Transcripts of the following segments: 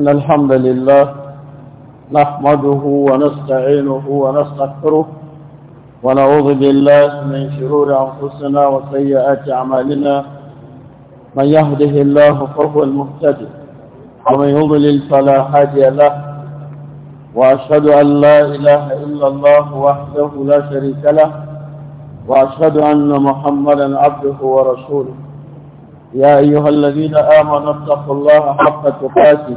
إن الحمد لله نحمده ونستعينه ونستغفره ونعوذ بالله من شرور أنفسنا وسيئات أعمالنا من يهده الله فهو المهتدي ومن يضلل فلا هادي له وأشهد أن لا إله إلا الله وحده لا شريك له وأشهد أن محمدا عبده ورسوله يا أيها الذين آمنوا اتقوا الله حق تقاته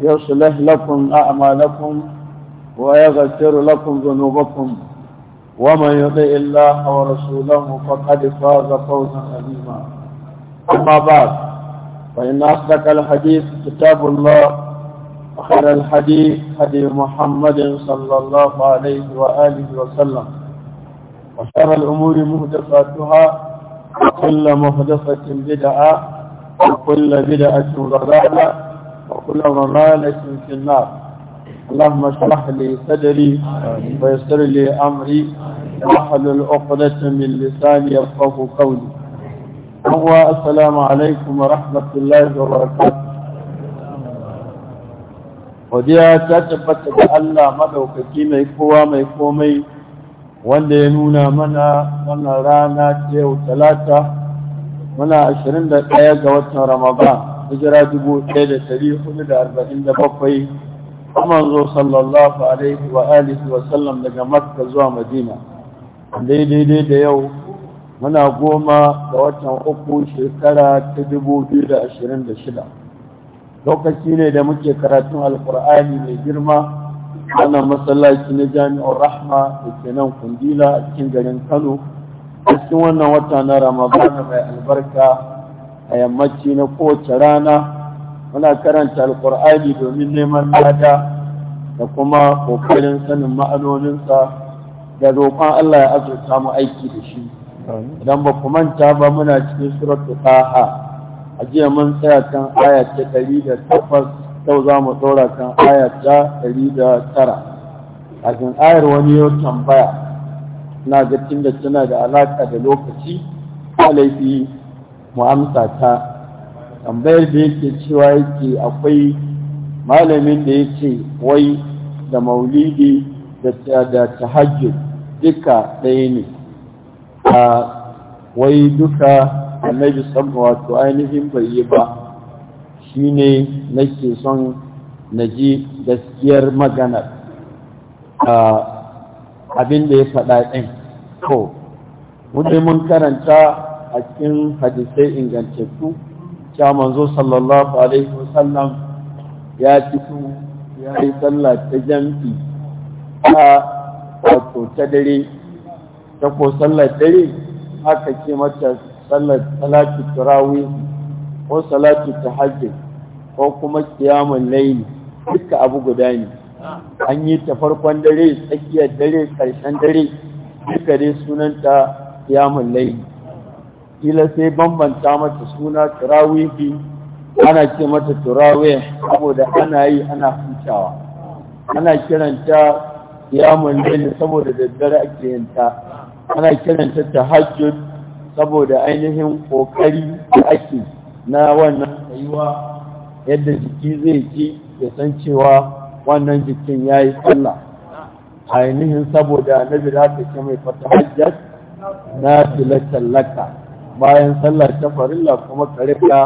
يصلح لكم أعمالكم ويغفر لكم ذنوبكم ومن يطع الله ورسوله فقد فاز فوزا عظيما أما بعد فإن أصدق الحديث كتاب الله وخير الحديث حديث محمد صلى الله عليه وآله وسلم وشر الأمور مهدفاتها وكل مهدفة بدعة وكل بدعة ضلالة وكل ضلالة في النار اللهم اشرح لي صدري ويسر لي أمري واحلل عقدة من لساني يفقه قولي هو السلام عليكم ورحمة الله وبركاته godiya ta tabbata da Allah madaukaki mai kowa mai komai wanda ya nuna mana wannan rana ta yau talata muna ɗaya ga watan Ramadan hijira dubu ɗaya da ɗari hudu da arba'in da bakwai manzo sallallahu alaihi wa alihi wa sallam daga makka zuwa madina daidai da yau muna goma ga watan uku shekara ta dubu biyu da ashirin da shida lokaci ne da muke karatun alkur'ani mai girma Ana masallaci na jami'ar rahma da ke nan kundila a cikin garin kano cikin wannan wata na ramadana mai albarka a yammaci na kowace rana muna karanta alkur'ani domin neman lada da kuma kokarin sanin ma'anoninsa da roƙon Allah ya azurta mu aiki da shi idan ba ku manta ba muna cikin suratu taha a jiya mun tsaya kan aya ta ɗari da takwas yau za mu ɗora kan aya ta ɗari da tara kafin ayar wani yau tambaya na ga tunda tana da alaƙa da lokaci laifi mu amsa ta tambayar da yake cewa yake akwai malamin da yake wai da maulidi da tahajjud duka ɗaya ne a wai duka annabi sabba wato ainihin bai yi ba shine nake son na ji gaskiyar maganar abin da ya faɗa ɗin ko wani mun karanta a cikin hadisai ingantattu cewa manzo sallallahu alaihi wasallam ya fito ya yi sallah ta jam'i ta wato ta dare ta ko sallar dare haka ce mata sallar salatu turawi ko salatu tahajjud ko kuma kiyamun layl duka abu guda ne an yi ta farkon dare tsakiyar dare ƙarshen dare duka dai sunanta kiyamun layl kila sai bambanta mata suna turawihi ana ce mata turawe saboda ana yi ana hutawa ana kiranta yamun laili saboda daddare ake yin ana kiranta ta hajjud saboda ainihin kokari da ake na wannan tsayuwa yadda jiki zai ci ya san cewa wannan jikin ya yi sallah ainihin saboda na da ta ce mai fata hajjad na tilakallaka bayan sallah ta farilla kuma ka rika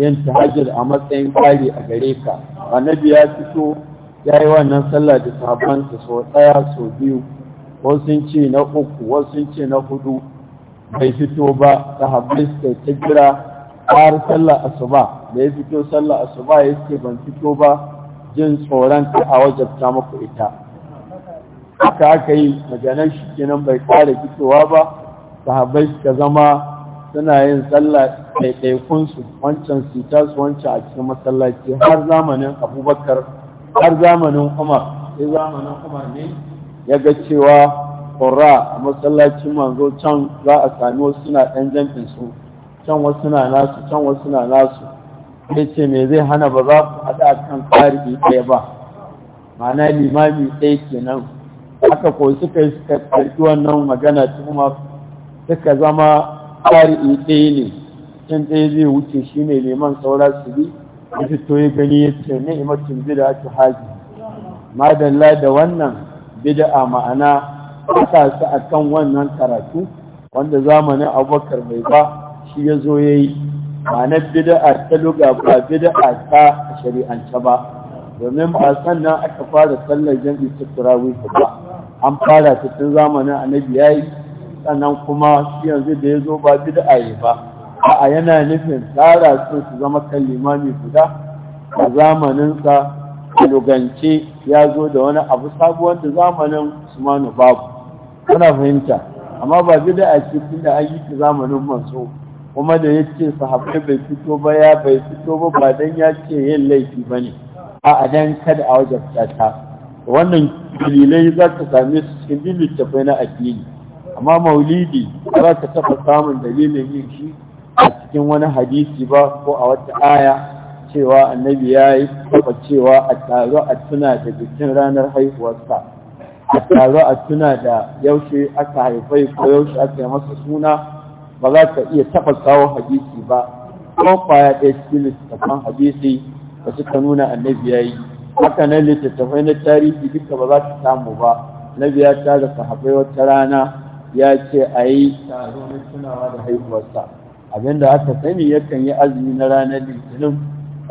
yin tahajjud a matsayin kari a gare ka annabi ya fito ya yi wannan sallah da ta sau ɗaya sau biyu wasu ce na uku wasu ce na hudu bai fito ba ta ta jira har sallah asuba da ya fito sallah asuba ya ce ban fito ba jin tsoron ta a wajabta muku ita haka aka yi maganar shi kenan bai kare fitowa ba sahabbai suka zama suna yin sallah ɗaiɗaikunsu wancan sita su wancan a cikin masallaci har zamanin abubakar har zamanin umar sai zamanin umar ne ya ga cewa ƙura a masallacin manzo can za a sami wasu suna ɗan jamfin su can wasu suna nasu can wasu suna nasu ya ce me zai hana ba za ku haɗa a kan tsari ɗaya ba ma'ana limami ɗaya kenan haka ko suka yi suka karɓi wannan magana kuma suka zama tsari ɗaya ne can ɗaya zai wuce shi ne liman saura su bi ya fito ya gani ya ce ne imatin bida ake haji madalla da wannan bida ma'ana ƙasa su a kan wannan karatu wanda zamanin abubakar mai ba shi ya zo ya yi ma'anar bida'a ta luga ba bida'a ta shari'ance ba domin ba sannan aka fara sallar jam'i ta turawi ba an fara ta tun zamanin annabi yayi sannan kuma shi yanzu da ya zo ba bid'a yi ba a yana nufin tsara su su zama kan limami guda a zamaninsa lugance ya zo da wani abu sabuwar da zamanin usmanu babu kuna fahimta amma ba bid'a tun da an yi ta zamanin manzo kuma da ya yace sahabbai bai fito ba ya bai fito ba ba dan ya ce yin laifi ba ne. a adan kada a wajen ta wannan dalilai za ka same su cikin littattafai na addini amma maulidi ba za ka taɓa samun dalilin yin shi a cikin wani hadisi ba ko a wata aya cewa annabi ya yi taba cewa a taro a tuna da bikin ranar haihuwarsa a taro a tuna da yaushe aka haifai ko yaushe aka yi masa suna ba za ta iya taɓa kawo hadisi ba ko kwaya ɗaya cikin littattafan hadisi da suka nuna annabi ya yi haka nan littattafai na tarihi duka ba za ta samu ba annabi ya tara sahabbai wata rana ya ce a yi taro na tunawa da haihuwarsa abinda aka sani yakan yi azumi na ranar litinin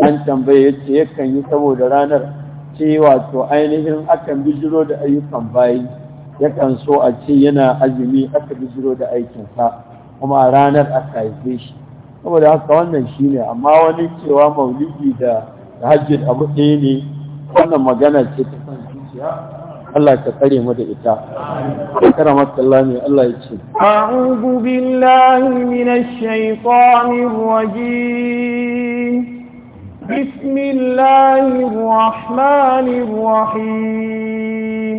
an tambaye ya ce yakan yi saboda ranar ce wato ainihin akan bijiro da ayyukan bayi yakan so a ce yana azumi aka bijiro da aikinsa kuma a ranar aka haife shi saboda haka wannan shi ne amma wani cewa maulidi da hajjin abu ɗaya ne wannan magana ce ta kan zuciya الله تقري مدى إتاء الله من الله يجسد أعوذ بالله من الشيطان الرجيم بسم الله الرحمن الرحيم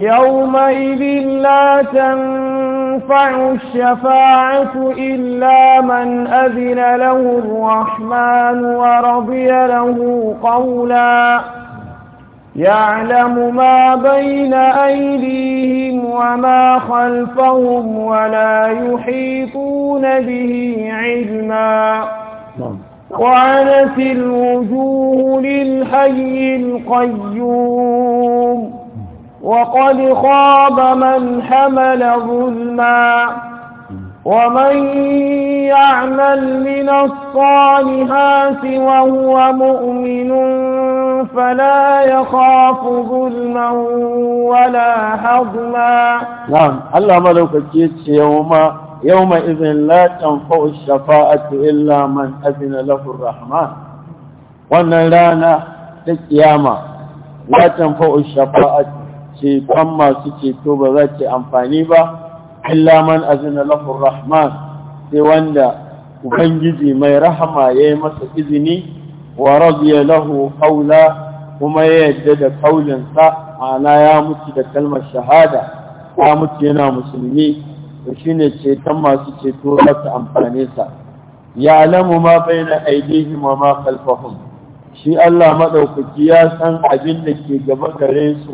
يومئذ لا تنفع الشفاعة إلا من أذن له الرحمن ورضي له قولاً يعلم ما بين أيديهم وما خلفهم ولا يحيطون به علما نعم. وعنت الوجوه للحي القيوم وقد خاب من حمل ظلما ومن يعمل من الصالحات وهو مؤمن فلا يخاف ظلما ولا حظما نعم الله ملوك الجيش يوم يومئذ لا تنفع الشفاعة إلا من أذن له الرحمن وأن لا ta لا la tanfa'u shafa'at ce kan masu ceto illa man azina lahu rahman sai wanda ubangiji mai rahama yayi masa izini wa radiya lahu qawla kuma ya yadda da kaulin sa ana ya mutu da kalmar shahada ya mutu yana musulmi to shine ceton masu ceto za su amfane sa ya alamu ma baina aidihim wa ma khalfahum shi Allah madaukaki ya san abin da ke gaba gare su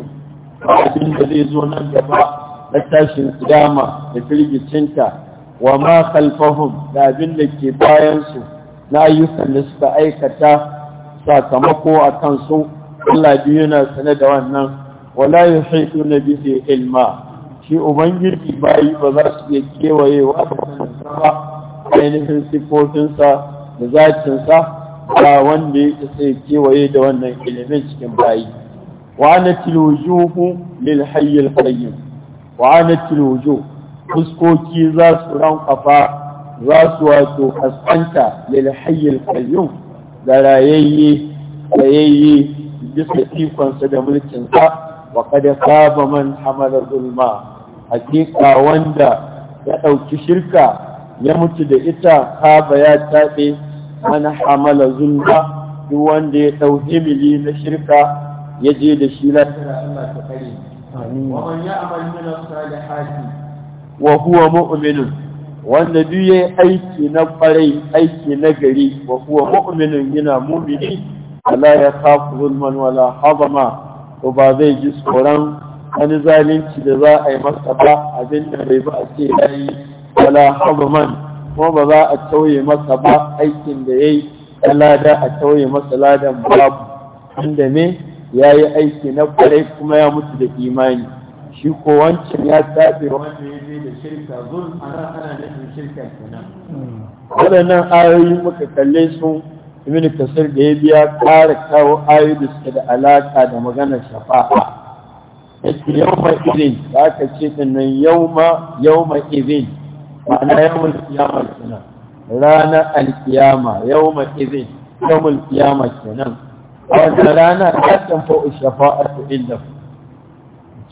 abin da zai zo nan gaba na tashin dama da firgicinta wa ma khalfahum da abin da ke bayansu na ayyukan da suka aikata sakamako a kansu Allah biyu yana sane da wannan wala yuhitu na bihi ilma shi ubangiji bayi ba za su iya kewayewa sanin ba ainihin sifofinsa da zacinsa? ba wanda ya isa kewaye da wannan ilimin cikin bayi wa na tilwujuhu lil hayyul qayyim wa'anatul wujuh fuskoki za su rankwafa za su wato kaskanta lil hayyil qayyum da rayayye tsayayye bisa ikonsa da mulkin ka, wa kada saba man hamala zulma hakika wanda ya ɗauki shirka ya mutu da ita ka ya taɓe mana hamala zulma duk wanda ya ɗau himili na shirka ya je da shi lafiya Allah ta kare ومن يعمل من الصالحات wanda duk yayi aiki na kwarai aiki na gari wa huwa mu'minun yana mu'mini wala ya khafu zulman wala hazama ko ba zai ji tsoron wani zalunci da za a yi masa ba abin da bai ba a ce yayi wala hazaman ko ba za a tauye masa ba aikin da yayi lada a tauye masa ladan babu inda ne ya yi aiki na kwarai kuma ya mutu da imani shi ko wancan ya tsafe wanda ya je da shirka zun ana ana nufin shirka kenan waɗannan ayoyi muka kalle su ibn kasar da ya biya ƙara kawo ayoyi da suke da alaƙa da maganar shafa'a yake ma izin za aka ce ma yau ma izin ma'ana ma kiyama kenan ranar alkiyama yau ma izin ma kiyama kenan wata rana ta tamfa shafa'atu illa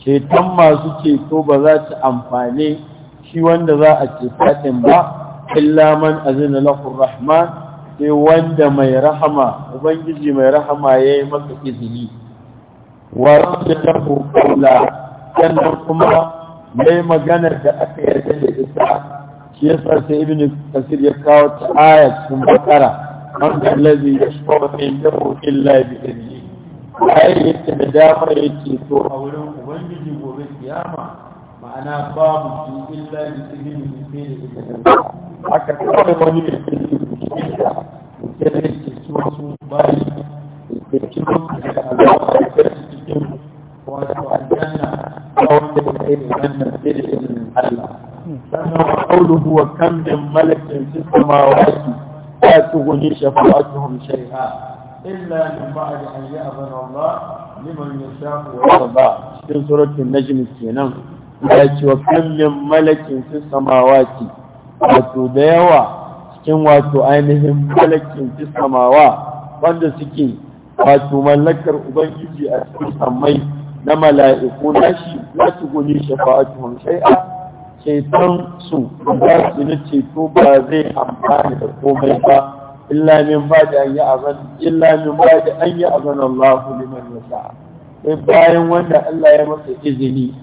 ceton masu ceto ba za ta amfane shi wanda za a ce din ba illa man azina lahu rahman sai wanda mai rahama ubangiji mai rahama yayi masa izini wa rabbuhu qawla sannan kuma mai maganar da aka yarda da ita shi yasa sai ibnu kasir ya kawo ta aya cikin bakara wanda lazi ya shafa mai yau illa bi izini bayan yake da dama yake to a wurin ubangiji gobe kiyama ma'ana babu su illa bi izini sai da izini haka kawai wani da ke yi da ke da ke ciwon su bayi da ciwon su da alawa da ke cikin wato aljanna kawai da ke yi da wannan sai da izinin Allah sannan wa kauluhu wa kam min malakin fi لا تغني شفاعتهم شيئا إلا من بعد أن يأذن الله لمن يشاء ويرضى في سورة النجم السينام يأتي وكم من ملك في السماوات yawa cikin wato ainihin malakin fi samawa wanda suke wato mallakar ubangiji a cikin sammai na mala'iku nashi za su guni shafa'atuhum shay'a ceton su ba su yi ceto ba zai amfani da komai ba illa min ba da an yi azan illa min ba da an yi azan Allah liman yasa sai bayan wanda Allah ya masa izini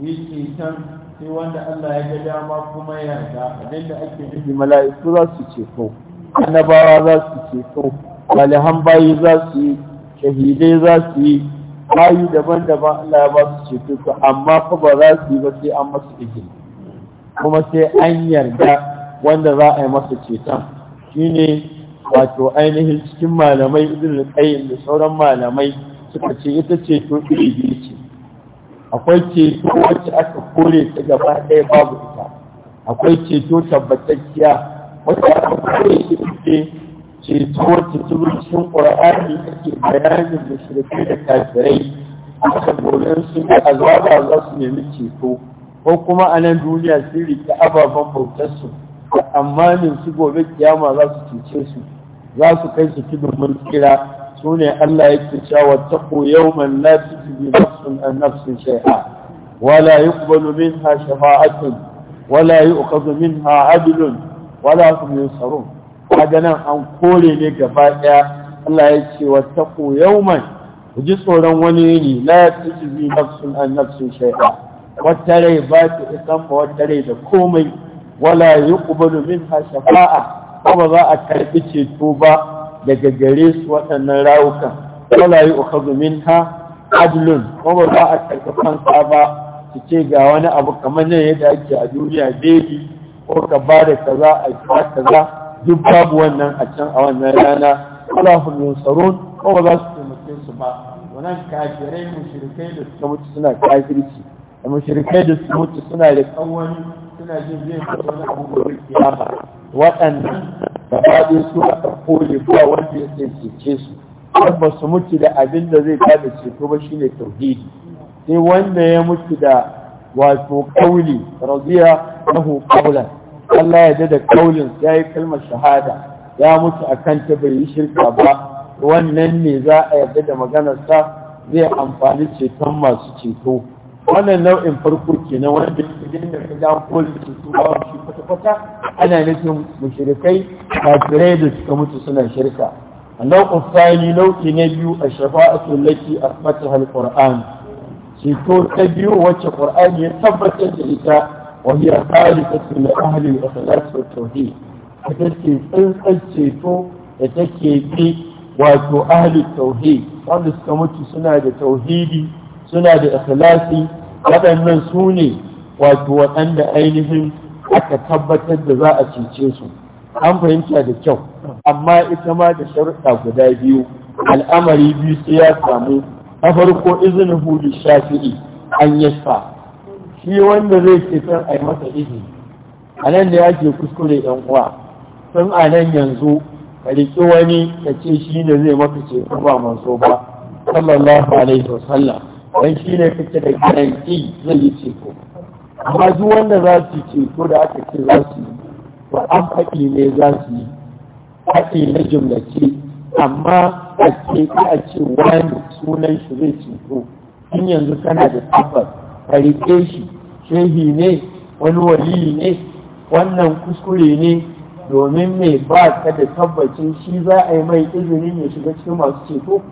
yi ceton sai wanda Allah ya ga dama kuma ya abin abinda ake nufi mala'iku za su ceto annabawa za su ceto salihan bayi za su yi shahidai za su yi bayi daban-daban Allah ya ba su ceto su amma fa ba za su yi ba sai an masa izini kuma sai an yarda wanda za a yi masa ceton shine wato ainihin cikin malamai izinin qayyim da sauran malamai suka ce ita ceto iri biyu ce akwai ceto wacce aka kore ta gaba ɗaya babu ita akwai ceto tabbatacciya wacce aka kore ce ce wacce cikin ƙwararri ake bayanin da shirke da kafirai a bolin su da azaba za su nemi ceto ko kuma a nan duniya sun rike ababen bautarsu amma ne su gobe kiyama za su cece su za su kai su tudun mun kira su ne Allah yake cewa man yawman la tujzi nafsun an nafsin shay'a wala min ha shafa'atun wala min ha adilun wala hum saron kaga nan an kore ne gaba ɗaya. Allah ya ce wa taqu yawman ku ji tsoron wani ne la tajzi nafsun an nafsun shay'a wata rai ba ta isan ba wata rai da komai wala yuqbalu minha shafa'a kuma za a karbi ceto ba daga gare su waɗannan rawukan wala yu'khadhu minha adlun kuma za a karbi fansa ba su ce ga wani abu kamar nan yadda ake a duniya daidai ko ka ba da kaza a kaza duk babu wannan a can a wannan rana wala hum yunsarun ko za su taimake su ba wannan kafirai mushrikai da suka mutu suna kafirci da mushrikai da suka mutu suna da kawani suna jin zai fito wani abu gobe kiyama waɗannan da faɗi su a kore ba wanda ya tsince su har ba su mutu da abin da zai kada ceto ba shine tauhidi sai wanda ya mutu da wato kauli radiya lahu qawlan Allah ya da kaulin ya yi kalmar shahada ya mutu a kan ta bai yi shirka ba wannan ne za a yarda da maganarsa zai amfani ceton masu ceto wannan nau'in farko kenan wanda idan da ka ga kolin ceto ba shi kwata-kwata ana nufin mushrikai kafirai da suka mutu suna shirka A na biyu النوع laki a نبي الشفاعة ceto ta biyu wacce ƙur'ani ya tabbatar da ita. وهي خالصة لأهل da والتوحيد فتكي تنسل شيطو ta في واتو أهل التوحيد wanda suka mutu suna da tauhidi suna da ikhlasi waɗannan su ne wato waɗanda ainihin aka tabbatar da za a cece su an fahimta da kyau amma ita ma da sharuɗa guda biyu al'amari biyu sai ya samu na farko izinin hudu shafi'i an yasfa shi wanda zai ce san a masa izini a nan da yake kuskure ɗan uwa tun a nan yanzu ka riƙi wani ka ce shi ne zai maka ce ba manzo ba sallallahu alaihi sallam dan shi ne kake da garanti zai yi ko amma duk wanda za su ko da aka ce za su yi to an faɗi ne za su yi faɗi na jumlace amma a ce a ce wani sunan shi zai ko in yanzu kana da tabbas ka shi shehi ne wani wali ne wannan kuskure ne domin mai ba ka da tabbacin shi za a yi mai izini ya shiga cikin masu ceto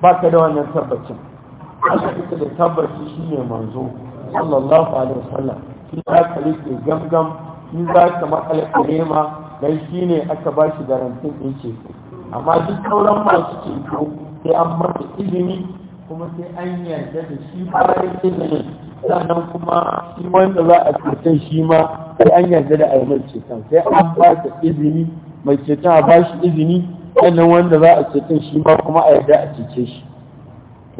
ba ka da wannan tabbacin aka da tabbaci shi ne manzo sallallahu alaihi wasallam shi za ka rike gamgam shi za ka maƙala rema dan shi ne aka ba shi garantin ɗin ceto amma duk sauran masu ceto sai an masa izini kuma sai an yarda da shi bayan izinin sannan kuma shi wanda za a ceton shi ma sai an yarda da aimar ceton sai an ba da izini mai ceton a ba shi izini sannan wanda za a ceton shi ma kuma a yarda a cece shi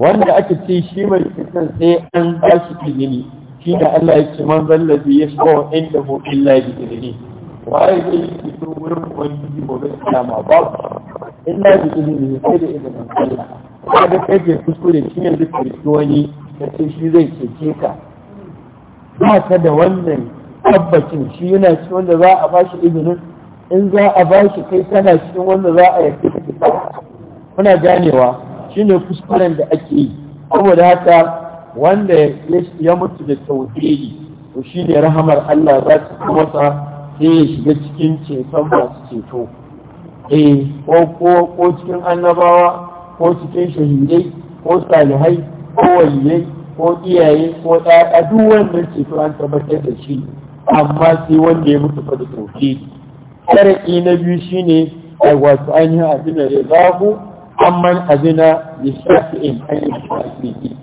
wanda aka ce shi mai ceton sai an ba shi izini shi da Allah ya ce man zallabi ya shi kawai inda mu illa bi izini waye zai yi fito wurin yi gobe kiyama babu illa bi izini sai da izinin Allah babu kake kuskure shi yanzu karfi wani da ce shi zai cece ka ba ka da wannan tabbacin shi yana ci wanda za a bashi izinin in za a bashi kai kana cikin wanda za a yake ka fita kuna ganewa ne kuskuren da ake yi saboda haka wanda ya mutu da tauhidi to shi ne rahamar Allah za ta kuma sa sai ya shiga cikin ceton masu ceto eh ko ko cikin annabawa ko cikin shahidai ko salihai ko waliyai ko iyaye ko ɗaya duk wannan to an tabbatar da shi amma sai wanda ya mutu fa da tsoke sharadi na biyu shine a wasu ainihin abin da zahu amma azina da in ainihin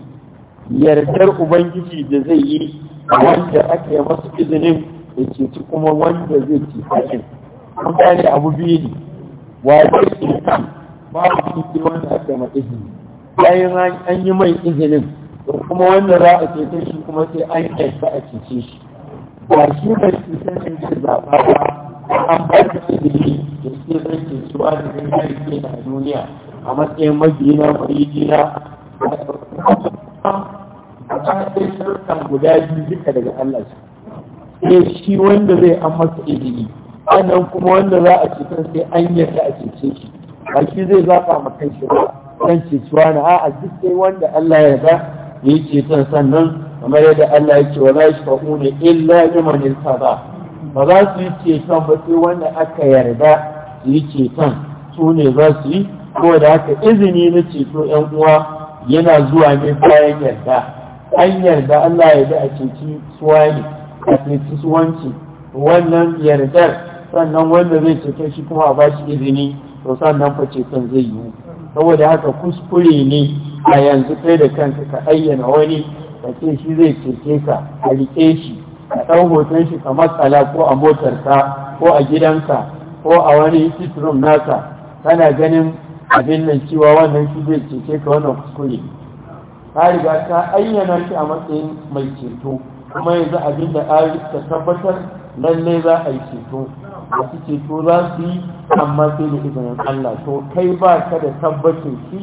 yardar ubangiji da zai yi wanda aka yi masa izinin da ceci kuma wanda zai ci hakin. Mutane abu biyu ne, wa zai babu shi ke wanda aka ma izini bayan an yi mai izinin da kuma wanda za a cece shi kuma sai an yadda a cece shi ba shi mai shi sai ne zai zaɓa ba an ba da izini da shi zai ke suwa da zai kare ke a duniya a matsayin mabiyina marigina a sai shirkan guda biyu duka daga Allah sai shi wanda zai an masa izini sannan kuma wanda za a cikin sai an yadda a cece shi ba shi zai zafa ma kanshi ba kan cewa na a duk sai wanda Allah ya ya ce ceton sannan kamar yadda Allah ya ce wa la ne illa liman irtada ba za su yi ceton ba sai wanda aka yarda ya ce ceton su ne za su yi ko da haka izini na ceto yan uwa yana zuwa ne bayan yarda an yarda Allah ya da a ceci suwa ne a ceci suwanci wannan yardar sannan wanda zai ceto shi kuma a ba shi izini to sannan fa ceton zai yiwu saboda haka kuskure ne a yanzu kai da kanka ka ayyana wani ka ce shi zai cece ka ka rike shi a ɗan hoton shi ka matsala ko a motarka ko a gidanka ko a wani sitrum naka kana ganin abin nan cewa wannan shi zai cece ka wannan kuskure ka riga ka ayyana shi a matsayin mai ceto kuma yanzu abin da ta tabbatar lallai za a yi ceto masu ceto za su yi amma sai da izinin Allah to kai ba ka da tabbacin shi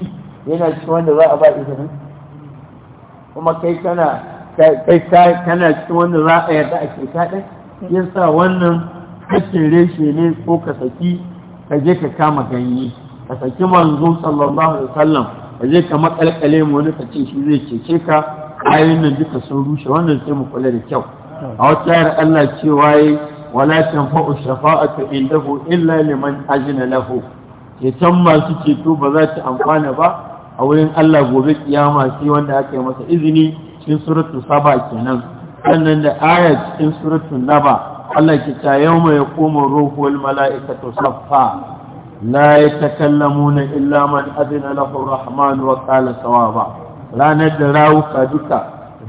yana cikin wanda za a ba izinin kuma kai kana kai kana cikin wanda za a yarda a ceta ɗin yasa wannan kashin reshe ne ko ka saki ka je ka kama ganye ka saki manzo sallallahu alaihi wasallam ka je ka makalkale mu wani ka ce shi zai cece ka ayoyin nan duka sun rushe wannan sai mu kula da kyau a wata yar Allah cewa yi wala tanfa'u shafa'atu indahu illa liman ajina lahu ceton masu ceto ba za ta amfana ba a wurin Allah gobe kiyama sai wanda aka yi masa izini cikin suratul saba kenan sannan da aya cikin suratul naba Allah ke ta yawma yaqumu ruhu wal mala'ikatu saffa la na illa man adina lahu rahman wa qala ranar da rawuka duka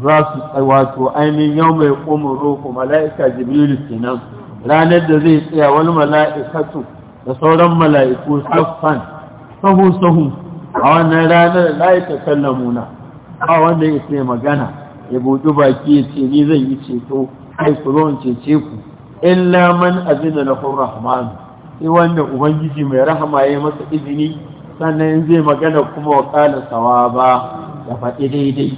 za su wato ainihin yau mai ƙumin roƙo mala'ika jibrilu kenan ranar da zai tsaya wani mala'ikatu da sauran mala'iku saffan sahu sahu a wannan ranar layi ta kallamuna a wanda ya ce magana ya buɗi baki ya ce ni zan yi ceto kai ku zo in cece ku illa man azina kun rahman sai wanda ubangiji mai rahama ya masa izini sannan zai magana kuma wa kala ba, ya faɗi daidai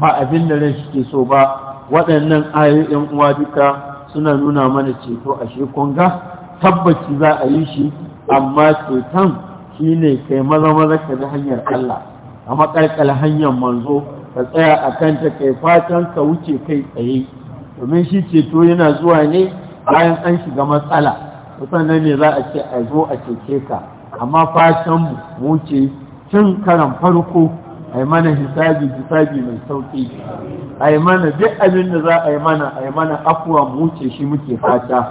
ba abin da ran suke so ba waɗannan ayoyin uwa duka suna nuna mana ceto a ga tabbaci za a yi shi amma ceton shi ne kai maza maza ka bi hanyar Allah a makarkar hanyar manzo ka tsaya a kanta kai fatan ka wuce kai tsaye domin shi ceto yana zuwa ne bayan an shiga matsala sannan ne za a ce a zo a ceke ka amma fatan mu wuce cin karan farko ai mana hisabi hisabi mai sauki ai mana duk abin da za a yi mana ai mana afuwa mu ce shi muke fata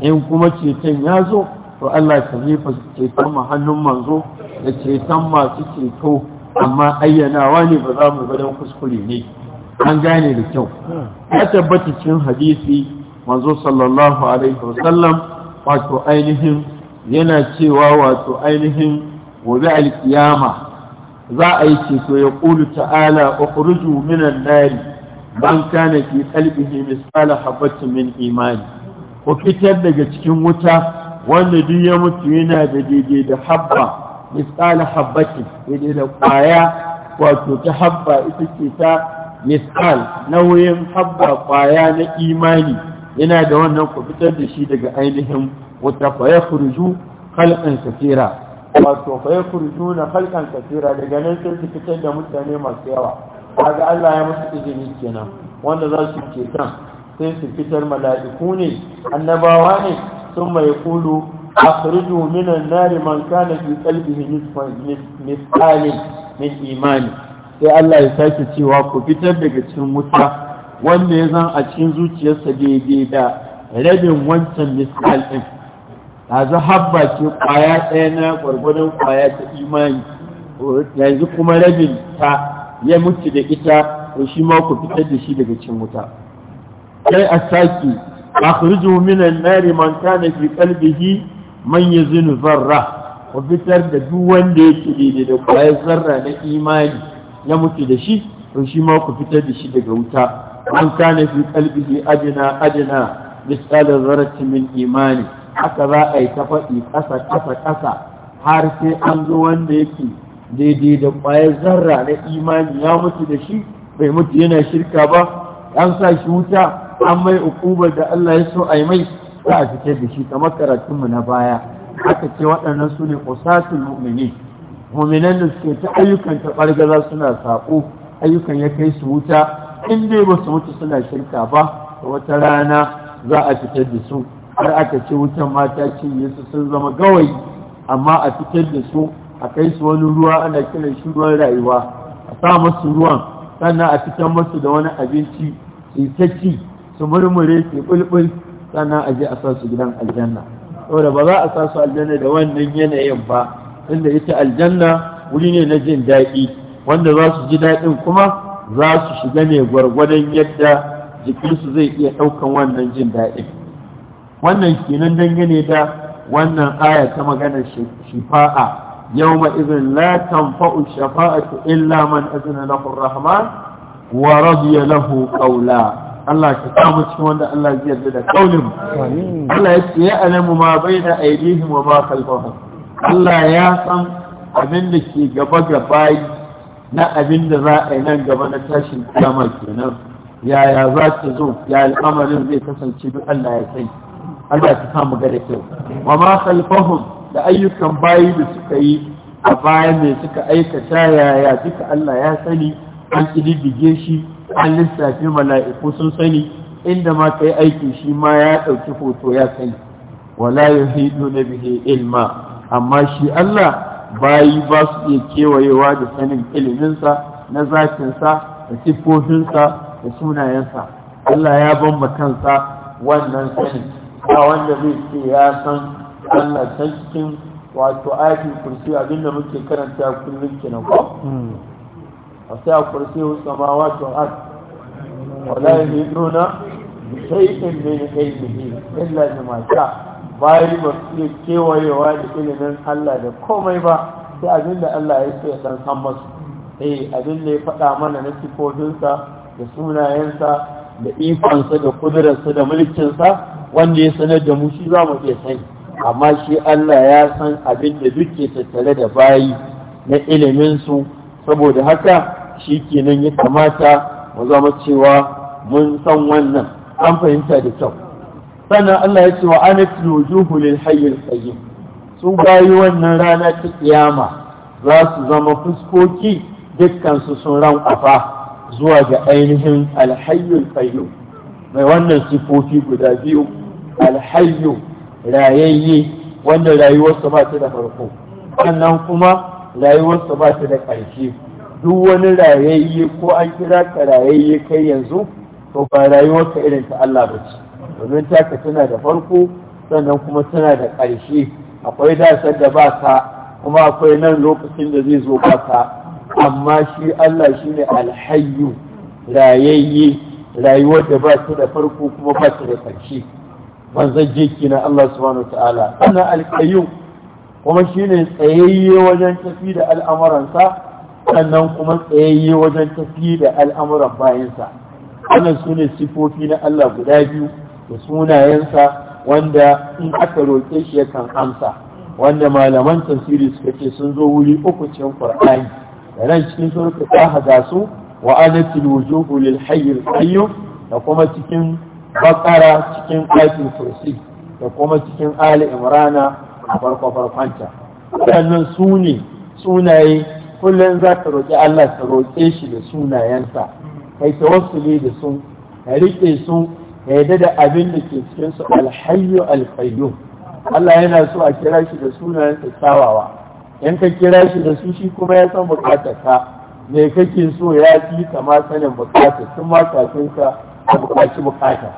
in kuma ceton ya zo to Allah ta jefa ceton mu hannun manzo da ceton masu ceto amma ayyanawa ne ba za mu ga dan kuskure ne an gane da kyau ya tabbata cikin hadisi manzo sallallahu alaihi wasallam wato ainihin yana cewa wato ainihin gobe alkiyama za a yi ceto ya ƙulu ta'ala ukhruju minan nari ban kana fi qalbihi misala habatin min imani ku fitar daga cikin wuta wanda duk ya mutu yana da daidai da habba misala habatin daidai da ƙwaya, wato ta habba ita ce ta misal nauyin habba kwaya na imani yana da wannan ku fitar da shi daga ainihin wuta fa yakhruju khalqan kathira wato fa yakhrujuna khalqan kaseera daga nan sai su fitar da mutane masu yawa kaga Allah ya musu izini kenan wanda za su ke kan sai su fitar mala'iku ne annabawa ne sun mai kulu akhrijo minan nari man kana fi qalbihi misali min imani sai Allah ya sake cewa ku fitar daga cikin wuta wanda ya zan a cikin zuciyarsa daidai da rabin wancan misqal yanzu habba ce kwaya ɗaya na gwargwadon kwaya ta imani yanzu kuma rabin ta ya mutu da ita ko shi ma ku fitar da shi daga cin wuta sai a saki akhrijuhu minan nari man na fi kalbihi man yazinu zarra ku fitar da duk wanda ya daidai da kwayar zarra na imani ya mutu da shi ko shi ma ku fitar da shi daga wuta man na fi kalbihi adna adna misalin zarar min imani haka za a yi ta faɗi ƙasa ƙasa ƙasa har sai an zo wanda yake daidai da ƙwayar zarra na imani ya mutu da shi bai mutu yana shirka ba an sa shi wuta an mai ukubar da Allah ya so a yi mai za a fitar da shi kamar karatunmu na baya haka ce waɗannan su ne ƙusatul mu'mini mu'minan da suke ta ayyukan taɓargaza suna saƙo ayyukan ya kai su wuta in dai ba su mutu suna shirka ba wata rana za a fitar da su har aka ce wutan mata ce su sun zama gawayi amma a fitar da su a kai su wani ruwa ana kira shi ruwan rayuwa a sa masu ruwan sannan a fitar masu da wani abinci su ta ci su murmure su bulbul sannan a je a sa su gidan aljanna saboda ba za a sa su aljanna da wannan yanayin ba inda ita aljanna wuri ne na jin daɗi wanda za su ji daɗin kuma za su shiga ne gwargwadon yadda jikinsu zai iya ɗaukan wannan jin daɗin wannan kenan dangane da wannan aya ta magana shifa'a yau idhin la tanfa'u shafa'atu illa man azna lahu rahman wa radiya lahu qawla Allah ka samu cikin wanda Allah zai yarda da kaulin Allah ya ce ya alamu ma baina aydihim wa ma khalfahum Allah ya san abin da ke gaba gaba na abin da za a yi nan gaba na tashin kiyama kenan yaya za ta zo ya al'amarin zai kasance duk Allah ya sani Allah ta samu ga da kyau wa ma khalfahum da ayyukan bayi da suka yi a baya mai suka aikata yaya duka Allah ya sani an kididdige shi an lissafi mala'iku sun sani inda ma kai aiki shi ma ya ɗauki hoto ya sani wala yuhidu na bihi ilma amma shi Allah bayi ba su iya kewayewa da sanin iliminsa na zafinsa da siffofinsa da sunayensa Allah ya bamba kansa wannan sanin ba wanda zai ce ya san Allah ta cikin wato ayatul kursi abinda muke karanta kullum kenan ko a sai a kursi samawa to as in yadruna bi kai min ilmihi illa bima sha bayi ba su iya kewayewa da ilimin Allah da komai ba sai abinda Allah ya ce san san masu eh abinda ya faɗa mana na sifofinsa da sunayensa da ikonsa da kudurarsa da mulkinsa wanda ya sanar da mu shi za mu iya sani amma shi Allah ya san abin da duk ke tattare da bayi na iliminsu saboda haka shi kenan ya kamata mu zama cewa mun san wannan an fahimta da kyau sannan Allah ya ce wa anatil wujuhu lil hayyil qayyim su bayi wannan rana ta kiyama za su zama fuskoki dukkan su sun ran kafa zuwa ga ainihin alhayyul qayyum mai wannan sifofi guda biyu alhayyu rayayye wanda rayuwarsa ba ta da farko sannan kuma rayuwarsa ba ta da ƙarshe duk wani rayayye ko an kira ka rayayye kai yanzu to ba rayuwarka irin ta Allah ba ce domin taka tana da farko sannan kuma tana da ƙarshe akwai dasar da ba ka kuma akwai nan lokacin da zai zo ba ka amma shi Allah shi ne alhayyu rayayye rayuwar da ba su da farko kuma ba su da ƙarshe manzan jiki na Allah subhanahu ta'ala ana alƙayyum kuma shine tsayayye wajen tafi da al'amuransa sannan kuma tsayayye wajen tafi da al'amuran bayansa wannan su ne sifofi na Allah guda biyu da sunayensa wanda in aka roƙe shi yakan amsa wanda malaman tafsiri suka ce sun zo wuri uku cikin ƙur'ani, da nan cikin sun ta haga su wa anatil wujuhu lil hayyil qayyum da kuma cikin bakara cikin ayatul kursi da kuma cikin ali imrana a farko farkonta waɗannan sune sunaye kullum za ka roƙi Allah ka roƙe shi da sunayensa kai tawassuli da su ka riƙe su ka yadda da abin da ke cikin su alhayyu alqayyum Allah yana so a kira shi da sunayensa kyawawa in ka kira shi da su shi kuma ya san bukatar ka me kake so ya fi kama sanin bukata sun ma kafin ka a bukaci bukata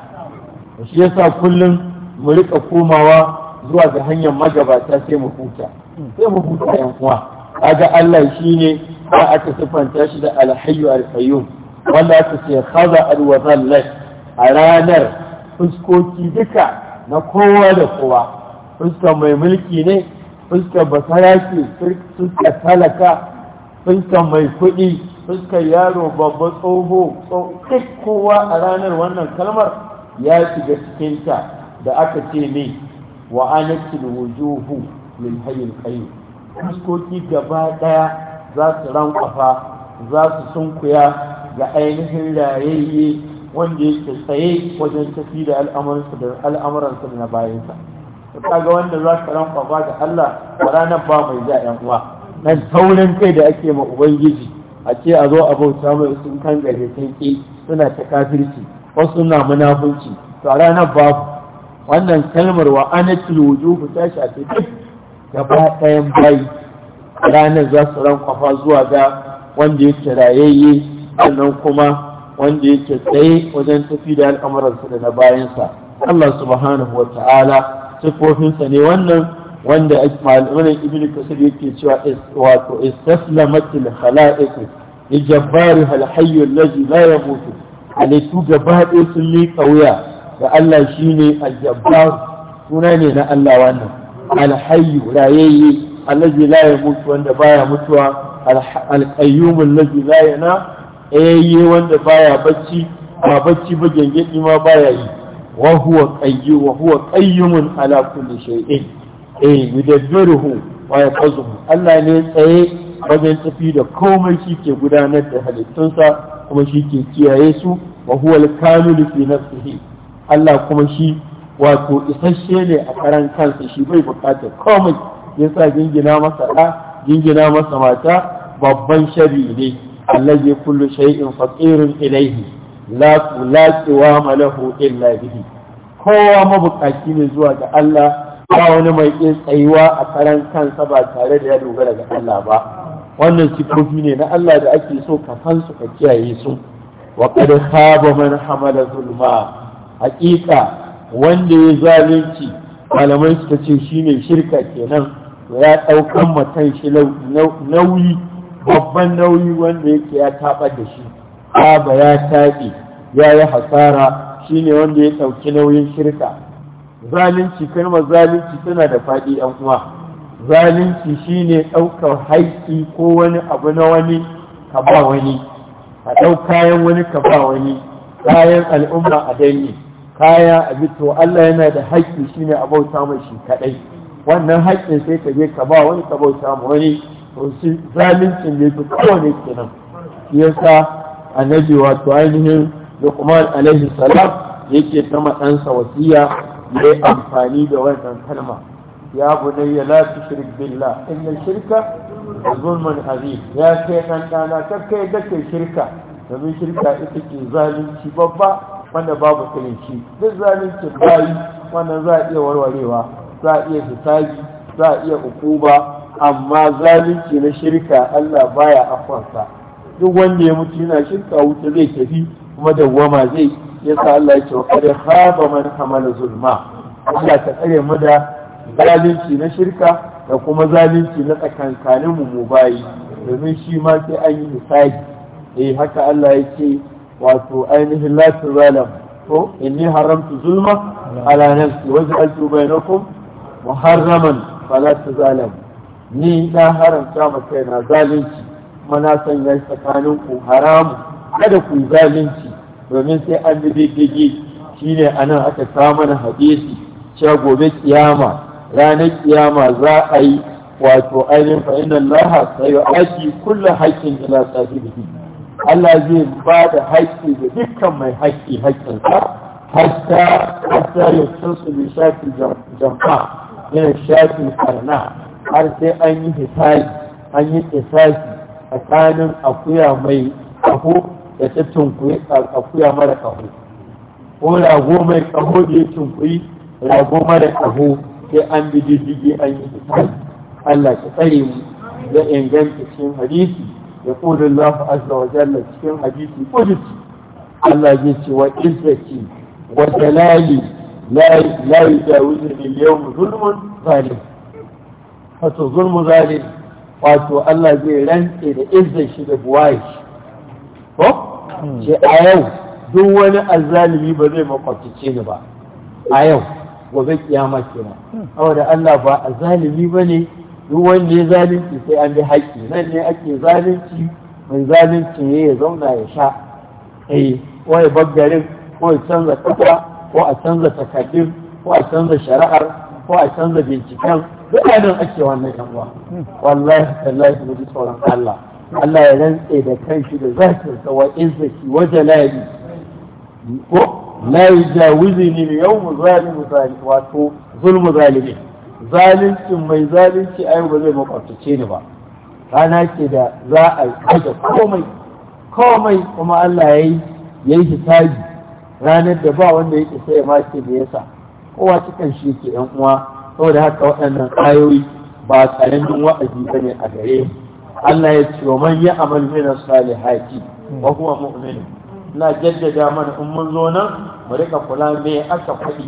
shi yasa kullum mu rika komawa zuwa ga hanyar magabata sai mu huta sai mu huta yan uwa kaga Allah shine da aka sifanta shi da alhayu alqayyum wanda aka ce khaza alwazallat a ranar fuskoki duka na kowa da kowa fuskar mai mulki ne fuskar basara ce fuskar talaka fuskan mai kuɗi fuskan yaro babba tsoho duk kowa a ranar wannan kalmar ya shiga cikinta da aka ce ne wa anatil wujuhu min hayyul qayyim fuskoki gaba daya za su rankwafa za su sunkuya ga ainihin rayayye wanda yake tsaye wajen tafi da al'amuransa da al'amuransa da na bayansa kaga wanda za ka rankwafa ga Allah a ranar ba mai yan uwa dan taurin kai da ake ma ubangiji a ce a zo a bauta mai sun kan gare kan ke suna ta kafirci wasu na munafunci to a ranar babu wannan kalmar wa anatul wujuhu ta shafi duk gaba ɗayan bayi ranar za su ran kwafa zuwa ga wanda yake rayayye sannan kuma wanda yake tsaye wajen tafi da al'amuransa da na bayansa Allah subhanahu wa ta'ala sifofinsa ne wannan wanda malamin ibn kasir yake cewa wato istaslamatil khalaiq li jabbari hal hayy allazi la yamutu halittu gaba ɗaya sun yi wuya da Allah shine al-jabbar suna ne na Allah wannan al-hayy rayayye allazi la yamutu wanda baya mutuwa al-qayyum allazi la yana ayyaye wanda baya bacci ba bacci ba gengedi ma baya yi wa huwa qayyum wa huwa qayyumun ala kulli shay'in eh yudabbiruhu wa yaqzuhu Allah ne tsaye wajen tafi da komai shi ke gudanar da halittunsa kuma shi ke kiyaye su wa huwa al-kamilu fi nafsihi Allah kuma shi wato isasshe ne a karan kansa shi bai bukatar komai sa gingina masa ɗa gingina masa mata babban shari ne allazi kullu shay'in faqirun ilayhi la la qiwama lahu illa bihi kowa mabukaci ne zuwa ga Allah ba wani mai ƙin tsayuwa a karan kansa ba tare da ya dogara ga Allah ba wannan sifofi ne na Allah da ake so ka san su ka kiyaye su wa qad khaba man hamala zulma haƙiƙa wanda ya zalunci malamai suka ce shine shirka kenan to ya ɗaukan matan shi nauyi babban nauyi wanda yake ya taɓa da shi ba ya taɓi ya yi hasara shine wanda ya ɗauki nauyin shirka zalunci kalmar zalunci tana da faɗi yan uwa zalunci shine ɗaukar haƙƙi ko wani abu na wani ka ba wani a ɗau kayan wani ka ba wani kayan al'umma a danne kaya a bito Allah yana da haƙƙi shine a bauta mai shi kaɗai wannan haƙƙin sai ka je ka ba wani ka bauta ma wani to shi zaluncin da yake kowane kenan shi yasa annabi wato ainihin Luqman alaihi salam yake ta ɗansa wasiya ya yi amfani da wannan kalma ya ya la shirk billah inna shirka zulmun azim ya kai nan dana kai da shirka domin shirka ita ke zalunci babba wanda babu irin shi duk zalunci bayi wannan za a iya warwarewa za a iya hisabi za a iya ukuba amma zalunci na shirka Allah baya afansa duk wanda ya mutu yana shirka wuta zai tafi kuma dawwama zai yasa Allah ya ce wa kare haba man hamala zulma Allah ta tsare mu da zalunci na shirka da kuma zalunci na tsakankanin mu mu bayi domin shi ma sai an yi misali eh haka Allah ya ce wato ainihin la tuzalam ko inni haramtu zulma ala nafsi wa ja'altu bainakum muharraman fala tuzalam ni na haramta ma na zalunci mana sanya tsakanin ku haramu kada ku zalunci domin sai an bi diddigi shine anan aka kawo mana hadisi cewa gobe kiyama ranar kiyama za a yi wato ainihin fa inna Allah sayu'ati kullu haqqin ila sahibihi Allah zai ba da haƙƙi ga dukkan mai haƙƙi haƙƙinsa hatta hatta ya tsusu bi shafi jama'a yana shafi karna har sai an yi hisabi an yi tsaki tsakanin akuya mai aho ya ta tunkuyi akuya mara kaho ko rago mai kaho da ya tunkuyi rago mara kaho sai an bi diddigi an yi tsari Allah ta tsare mu da inganta cikin hadisi ya kudin lafi azza wa jalla cikin hadisi kuduci Allah ya ce wa izzati wa dalali la yujawizu lil yawm zulmun zalim wato zulmun zalim wato Allah zai rantse da izzar shi da buwaye shi ko ce hmm. a yau duk wani azalimi ba zai makwabtace ni ba a yau gobe kiyama kenan hmm. da Allah ba azzalimi ba duk wanda ya zalunci sai an bi haƙƙi nan ne ake zalunci mai zalunci ne ya zauna ya sha eh ko ya baggarin ko ya canza kafa ko a canza takaddun, ko a canza shari'ar ko a canza binciken duk ake wannan yan uwa hmm. wallahi tallahi mu ji tsoron Allah Allah ya rantse da kanshi da zakin sa wa izzati wa jalali ko la yujawizuni li yawm zalimu zalim wato zulmu zalimi zalincin mai zalunci ai ba zai makwabtace ni ba rana ce da za a kaje komai komai kuma Allah ya yayi yayi hisabi ranar da ba wanda yake sai ma ce da yasa kowa cikin shi yake yan uwa saboda haka waɗannan ayoyi ba karamin wa'azi bane a gare mu Allah ya ce wa man ya amal min salihati wa huwa mu'min na jaddada mana in mun zo nan mu rika kula me aka faɗi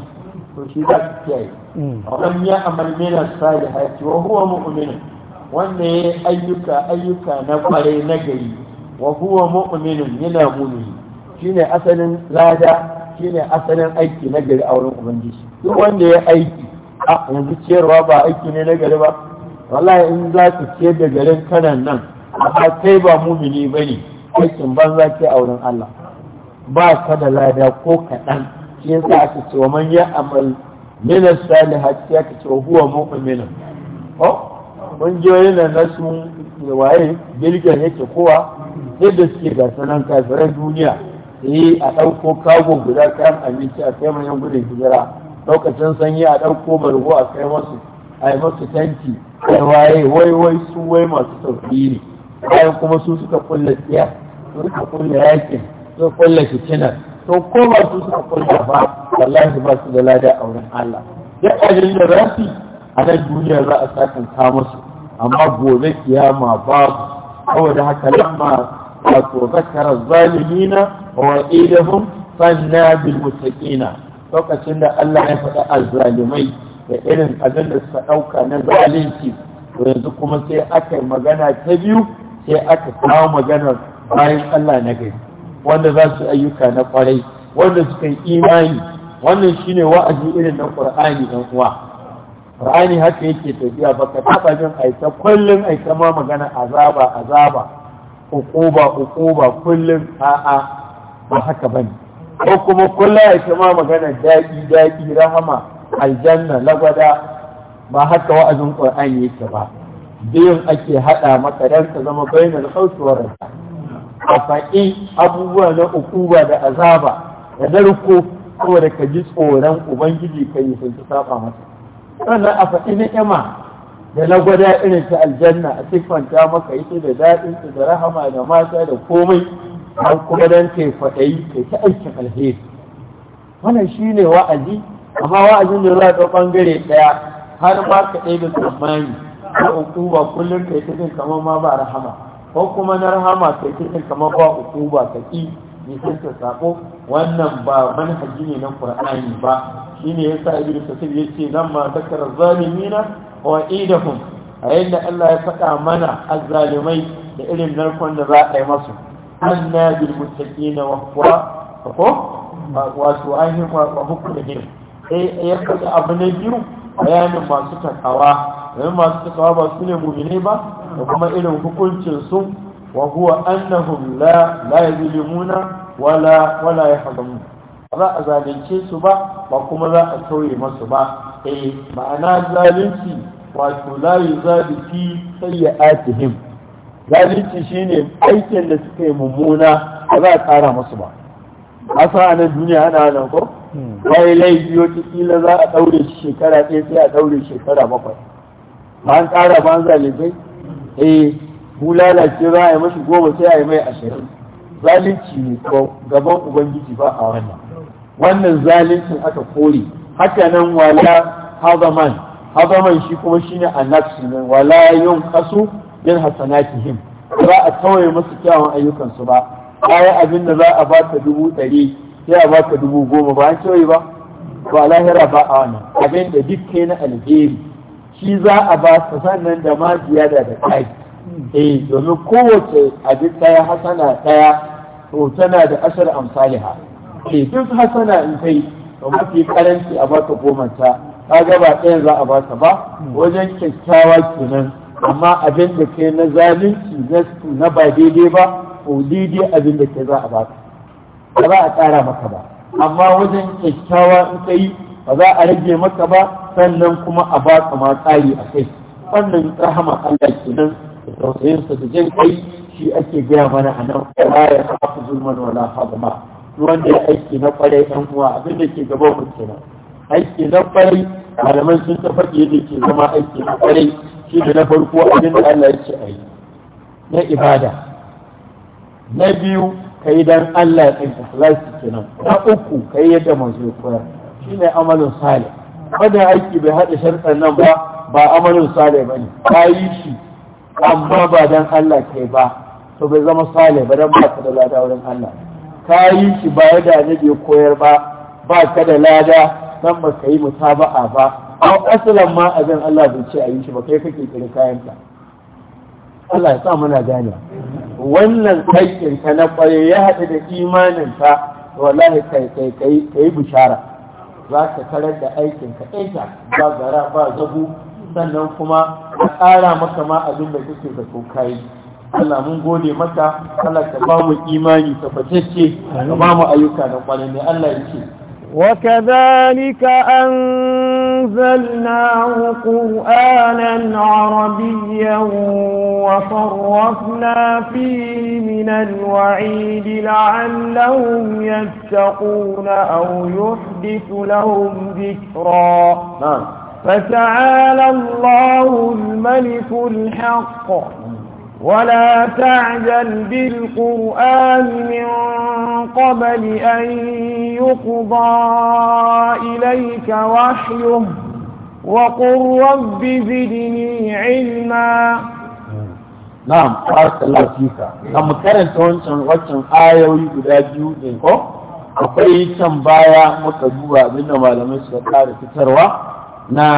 to shi za ka kiyaye hmm. wa man ya amal min salihati wa huwa mu'min wanda ya ayyuka ayyuka na kware na gari wa huwa mu'min yana mu'min shine asalin lada shine asalin aiki na gari a wurin ubangiji duk wanda ya aiki a yanzu ciyarwa ba aiki ne na gari ba wallahi in za ki ce da garin kanan nan amma kai ba mumini ba ne aikin za ke a wurin Allah ba ka da lada ko kaɗan shi yasa aka ce wa man ya amal minas salihati aka ce huwa mu'minun ko ƙungiyoyin da na su waye bilgan yake kowa yadda suke ga nan kafiran duniya su yi a ɗauko kago guda kayan abinci a kai manyan gudun hijira lokacin sanyi a ɗauko bargo a kai masu a masu tanki kai waye wai wai su wai masu sauki ne bayan kuma su suka kulla tsiya su suka kulla yakin su kulla fitinar to ko ba su suka kulla ba wallahi ba su da lada a wurin Allah duk ajin da za su a nan duniya za a sakanta musu amma gobe kiyama babu saboda haka lamma wato zakara zalimina wa wa'idahum sanna bil muttaqina lokacin da Allah ya faɗa azzalimai da irin abin da suka ɗauka na zalunci to yanzu kuma sai aka yi magana ta biyu sai aka kawo magana bayan Allah na gari wanda za su ayyuka na kwarai wanda suka yi imani wannan shine wa'azi irin na Qur'ani dan uwa Qur'ani haka yake tafiya baka taba jin aita kullun aita ma magana azaba azaba uquba uquba kullun a'a ba haka bane ko kuma kullun aita ma magana daɗi daɗi rahama aljanna lagwada ba haka wa'azin qur'ani yake ba biyun ake haɗa maka dan ka zama bainal khawfi wa raja a faɗi abubuwa na ukuba da azaba da narko saboda ka ji tsoron ubangiji ka yi sun saba masa sannan a faɗi ni'ima da na gwada irin ta aljanna a siffanta maka ita da daɗin ta da rahama da mata da komai an kuma dan kai faɗayi kai ta aikin alheri wannan shine wa'azi amma wa'azin da za ta bangare daya har ba ka ɗaya da tsammani ko ukuba kullum kai ta kamar ma ba rahama ko kuma na rahama kai ta jin kamar ba ukuba ka ƙi nisanta sako wannan ba manhaji ne na qur'ani ba shine yasa ibnu kasir yace nan ma zakara zalimina wa idahum a yadda Allah ya faɗa mana azzalimai da irin narkon da za a yi masu annabil muttaqina wa huwa wato ainihin wa hukumihim sai ya kasa abu na biyu bayanin masu takawa domin masu takawa ba su ne mumine ba da kuma irin hukuncin su wa huwa annahum la la yuzlimuna wala wala yahzamun za a zalunce su ba ba kuma za a tauye masu ba eh ma'ana zalunci wato la yuzadi fi sayyi'atihim zalunci shine aikin da suka yi mummuna ba za a tsara masu ba asa a nan duniya ana nan ko lai biyo wata kila za a daure shi shekara ɗaya sai a daure shekara bakwai ba an ƙara ba an zalibai eh bulala ce za a yi mashi goma sai a yi mai ashirin zalunci ne gaban ubangiji ba a wannan wannan zaluncin aka kore haka nan wala hazaman hazaman shi kuma shine annabsu ne wala yun kasu yin hasanatihim ba a tawaye masu kyawun ayyukansu ba bayan abin da za a ba ta dubu ɗari sai a baka dubu goma ba an cewa ba ba lahira ba a wani abin da duk na alheri shi za a ba su sannan da ma ziyada da kai eh domin kowace abin daya hasana daya to tana da ashar amsaliha eh duk hasana in kai ma mafi karanci a baka goma ta ga ba ɗaya za a ba baka ba wajen kyakkyawa kenan amma abin da kai na zalunci na ba daidai ba ko daidai abin da kai za a ba baka ba za a ƙara maka ba amma wajen kyakkyawa in ka yi ba za a rage maka ba sannan kuma a ba ka ma ƙari a kai wannan rahama Allah kenan da tausayinsa da jin kai shi ake gaya mana a nan ba ya kafa zulman wala fadama wanda ya aiki na kwarai ɗan uwa abin da ke gaban mu kenan aiki na kwarai malaman sun ta faɗi yadda ke zama aiki na kwarai shi da na farko abin da Allah ya ce a yi na ibada na biyu kai dan Allah ya tsinka ke kenan na uku kai yadda manzo ya koyar ne amalin sale. wannan aiki bai haɗa sharɗan nan ba ba amalin sale ne ne. kayi shi amma ba dan Allah kai ba to bai zama sale ba don ba ka da lada wurin Allah kayi shi ba yadda ne ya koyar ba ba ka da lada nan ba yi mutaba'a ba a asalan ma abin Allah bai ce a yi shi ba kai kake kayanta? Allah ya sa muna gane wannan ka na kwaye ya haɗu da imanin ka wallahi kai kai kai kai bishara za ka tarar da aikin ka ta ba gara ba zabu sannan kuma ka ƙara maka ma abin da kake da so kai Allah mun gode maka Allah ka ba mu imani tabbatacce ka ba mu ayyuka na kwarai Allah ya ce وكذلك أنزلناه قرآنا عربيا وصرفنا فيه من الوعيد لعلهم يتقون أو يحدث لهم ذكرا نعم. فتعالى الله الملك الحق ولا تعجل بالقرآن من قبل أن يقضى إليك وحيه وقل رب زدني علما نعم بارك الله فيك لما كانت ayoyi guda biyu din ko akwai can baya muka duba abinda malamai suka kare fitarwa na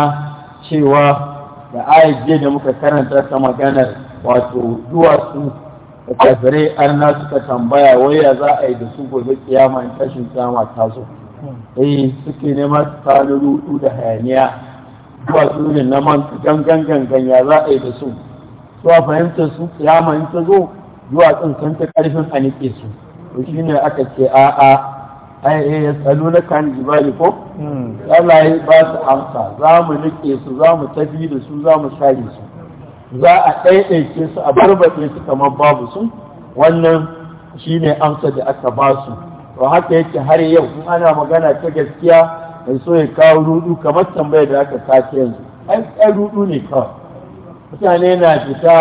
cewa da aya jiya da muka karanta ta maganar wato duwatsu da kafirai an na suka tambaya waya za a yi da su gobe kiyama in tashin kiyama ta zo eh suke neman su kawo rudu da hayaniya duwatsu ne na man gangan gangan ya za a yi da su su a fahimtar su kiyama in ta zo duwatsun sun ta karfin a nike su to shine aka ce a'a ai eh, ya tsalu na kan jibali ko hmm. Allah ya ba su amsa za mu nike su za mu tafi da su za mu share su za a ɗaiɗaice su a barbaɗe su kamar babu su wannan shine amsa da aka ba su to haka yake har yau in ana magana ta gaskiya mai so ya kawo rudu kamar tambayar da aka sake yanzu ai ai rudu ne kawai mutane na fita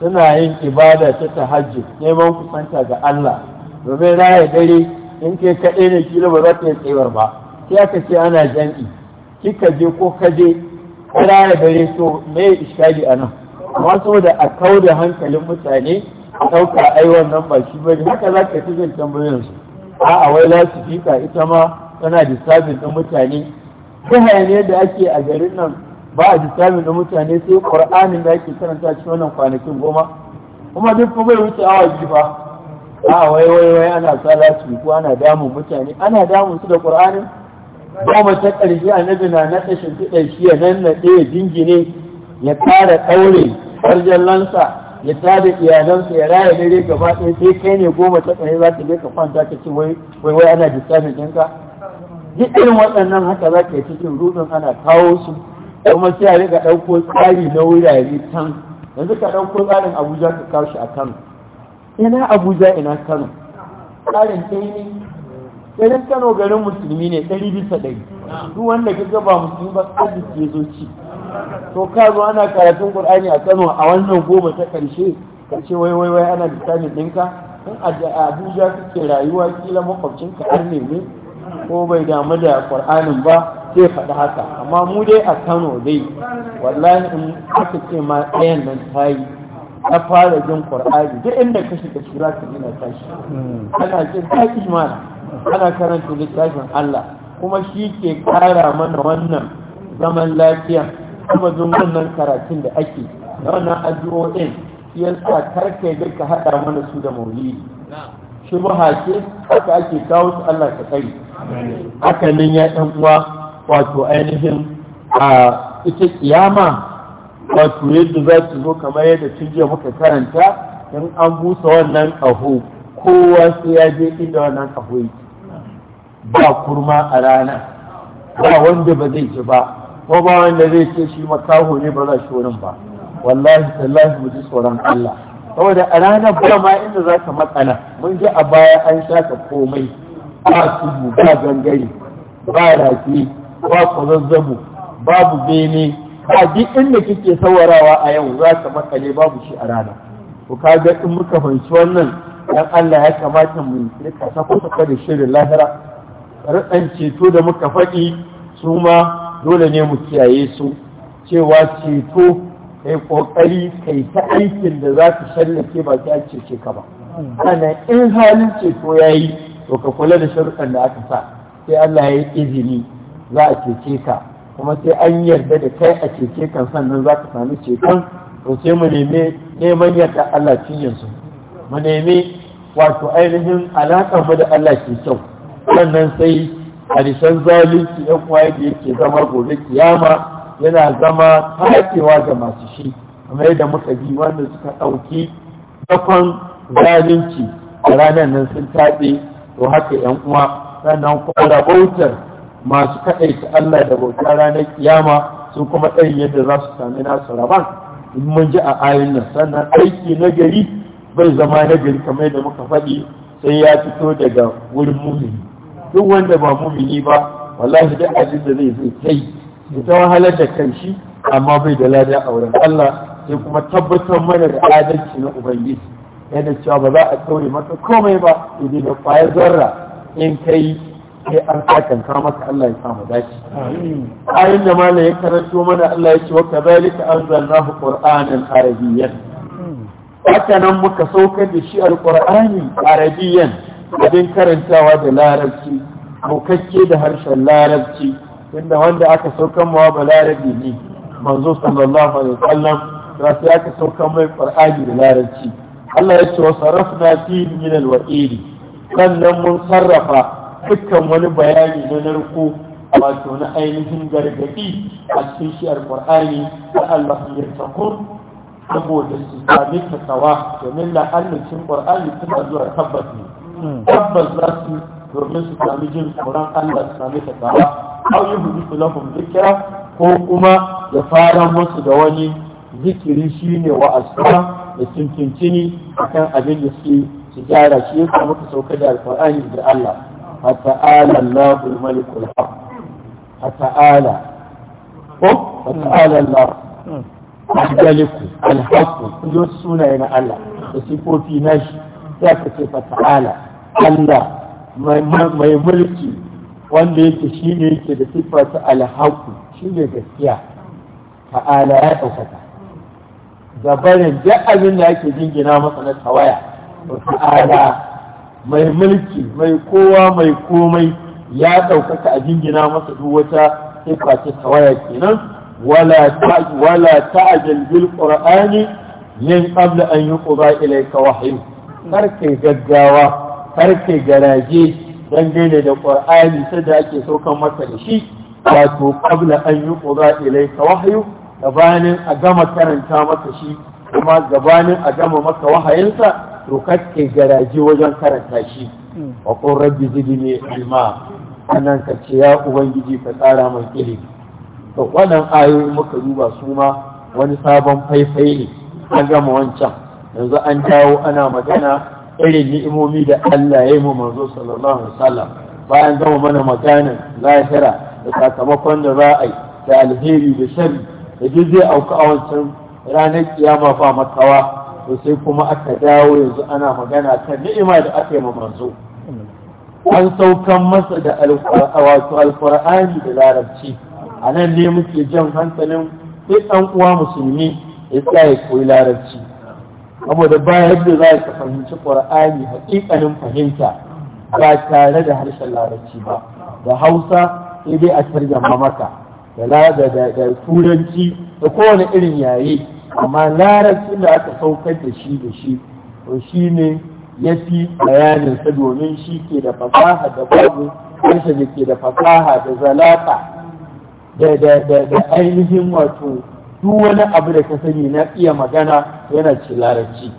suna yin ibada ta tahajjud neman kusanta ga Allah domin raya dare in ke kaɗai ne kila ba za ta yi tsayuwar ba sai aka ce ana jan'i kika je ko ka je kira da dare so me iskali a nan amma saboda a kau da hankalin mutane a ɗauka ai wannan ba shi bane haka za ka ci zan tambayoyin su a'a wai lasifika ita ma tana disturbing ɗin mutane ta hanyar da ake a garin nan ba a disturbing ɗin mutane sai ƙur'anin da ake karanta cikin wannan kwanakin goma kuma duk kuma bai wuce awa biyu ba a wai wai wai ana su ko ana damun mutane ana damun su da qur'ani mu ta ƙarshe annabi na na tashin kidan shi ya nan na ɗaya jingine ya ƙara ɗaure farjallansa ya tada iyalansa ya raya dare gaba ɗaya sai kai ne goma ta ƙarshe za ta je ka kwanta ka ce wai wai ana da ɗinka duk irin waɗannan haka za ka yi cikin rudin ana kawo su kuma sai a riƙa ɗauko tsari na wurare can yanzu ka ɗauko tsarin abuja ka kawo shi a kan. ina abuja ina kano tsarin ɗaya ne kano garin musulmi ne ɗari bisa ɗari duk wanda kaga ba musulmi ba arziki ya zo ci to ka zo ana karatun ƙur'ani a kano a wannan goma ta ƙarshe ƙarshe wai wai wai ana littafin ɗinka in a abuja kake rayuwa kila makwabcinka har ne ne ko bai damu da qur'anin ba zai faɗi haka amma mu dai a kano dai wallahi in aka ce ma ɗayan nan ta yi na fara jin ƙwararri duk inda ka shiga sura ka ina tashi ana jin mana ana karanta littafin Allah kuma shi ke kara mana wannan zaman lafiya kuma zan wannan karatun da ake na wannan addu'o'in shi sa karka ga ka hada mana su da maulidi ba ce haka ake kawo su Allah ka tsari haka nan ya ɗan uwa wato ainihin a ita kiyama wato yadda za ta zo kamar yadda jiya muka karanta in an busa wannan ƙaho kowa sai ya je inda wannan ƙaho yake ba kurma a rana ba wanda ba zai ci ba ko ba wanda zai ce shi makaho ne ba za shi wurin ba wallahi tallahi mu ji tsoron Allah saboda a ranar ba ma inda za ka matsala mun ji a baya an shaka komai ba su ba gangare ba rafi ba kwazazzabu babu bene ba duk inda kike sawarawa a yau za ka makale babu shi a rana ku kaga in muka fahimci wannan dan Allah ya kamata mu rika sako sako da shirin lahira rikan ceto da muka faɗi su ma dole ne mu kiyaye su cewa ceto kai kokari kai ta aikin da za ka shallake ba ta cece ka ba ana in halin ceto ya yi to ka kula da sharuɗan da aka sa sai Allah ya yi izini za a cece ka kuma sai an yarda da kai a keke kan sannan za ka sami ceton to sai mu nemi neman yarda Allah ci yanzu mu nemi wato ainihin alaƙar mu da Allah ke kyau sannan sai hadisan zalunci ɗan kwaye da yake zama gobe kiyama yana zama takewa ga masu shi kamar yadda muka ji wanda suka ɗauki dakon zalunci a ranar nan sun taɓe to haka ‘yan uwa sannan kuma rabautar masu kaɗaita Allah da bauta ranar kiyama sun kuma ɗayin yadda za su sami nasu rabon in mun ji a ayin nan sannan aiki na gari bai zama na gari kamar da muka faɗi sai ya fito daga wurin mumini duk wanda ba mumini ba wallahi duk abin da zai zai kai da ta wahalar da kan shi amma bai da lada a wurin Allah sai kuma tabbatar mana da adalci na ubangiji yana cewa ba za a tsaure maka komai ba idan da kwayar zarra in kai sai an sakanka maka Allah ya samu dace ayin da mala ya karanto mana Allah ya ce wa kadhalika anzalnahu qur'anan arabiyyan hmm. haka nan muka saukar da shi alqur'ani arabiyyan abin karantawa da larabci bukakke da harshen larabci inda wanda aka saukan mawa ba larabi ne manzo sallallahu alaihi wasallam da sai aka saukan mai qur'ani da larabci Allah ya ce wa sarrafna fihi min alwa'idi sannan mun sarrafa dukkan wani bayani na narko wato na ainihin gargaɗi a cikin shi alƙur'ani da Allah ya takun saboda su sami takawa domin la'allacin ƙur'ani suna zuwa tabbas ne tabbas za su domin su sami jin tsoron Allah su sami takawa au yi hudu su lafin zikira ko kuma ya fara musu da wani zikiri shi ne wa asuwa da cincincini akan abin da suke su gyara shi ya samu ka sauka da alƙur'ani da Allah فتعالى الله الملك الحق فتعالى فتعالى الله مجدلك الحق يسونا إلى الله في ذاك الله ما يملكي wanda yake shi ne da siffarsa alhaku gaskiya ta'ala ya ɗaukaka gabanin abin da jingina ta'ala mai mulki mai kowa mai komai ya ɗaukaka a jingina masa duk wata sifa ta tawaya kenan wala ta wala ta'jal bil qur'ani min qabl an yuqda ilayka wahyu kar kai gaggawa kar kai garaje daina da qur'ani sai ake saukan masa da shi wato qabla an yuqda ilayka wahyu gabanin a gama karanta maka shi kuma gabanin a gama maka wahayinsa to kake garaji wajen karanta shi hmm. wa qur rabbi zidni ilma sannan ka ce ya ubangiji ka tsara mai ilimi to wannan ayoyi muka duba su ma wani sabon faifai ne an gama wancan yanzu an dawo ana magana irin ni'imomi da Allah ya yi mu manzo sallallahu alaihi wasallam bayan gama mana magana lahira da sakamakon da za a yi da alheri da shari da zai auka a wancan ranar kiyama ba makawa to sai kuma aka dawo yanzu ana magana kan ni'ima da aka yi ma manzo an saukan masa da wato alkur'ani da larabci a nan ne muke jan hankalin sai ɗan uwa musulmi ya sa ya koyi larabci saboda ba yadda za ka fahimci ƙur'ani haƙiƙanin fahimta ba tare da harshen larabci ba da hausa sai dai a tarjama maka da da turanci da kowane irin yayi amma Larabci da aka saukar da shi da shi to shi ne ya fi bayaninsa domin shi ke da fasaha da babu kansa da ke da fasaha da zalata da ainihin wato duk wani abu da ka sani na iya magana yana ce larabci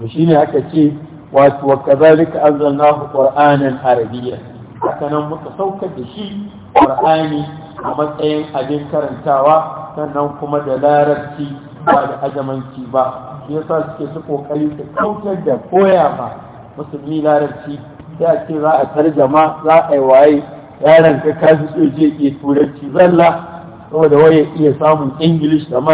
to shi ne aka ce wato wa kazalika anzalnahu qur'anan arabiyya haka nan muka saukar da shi qur'ani a matsayin abin karantawa sannan kuma da larabci ba da ajamanci ba shi yasa suke su kokari su kautar da koya ba musulmi larabci sai a ce za a tarjama za a yi waye yaran ka kasu soje ke turanci zalla saboda waye iya samun english da ma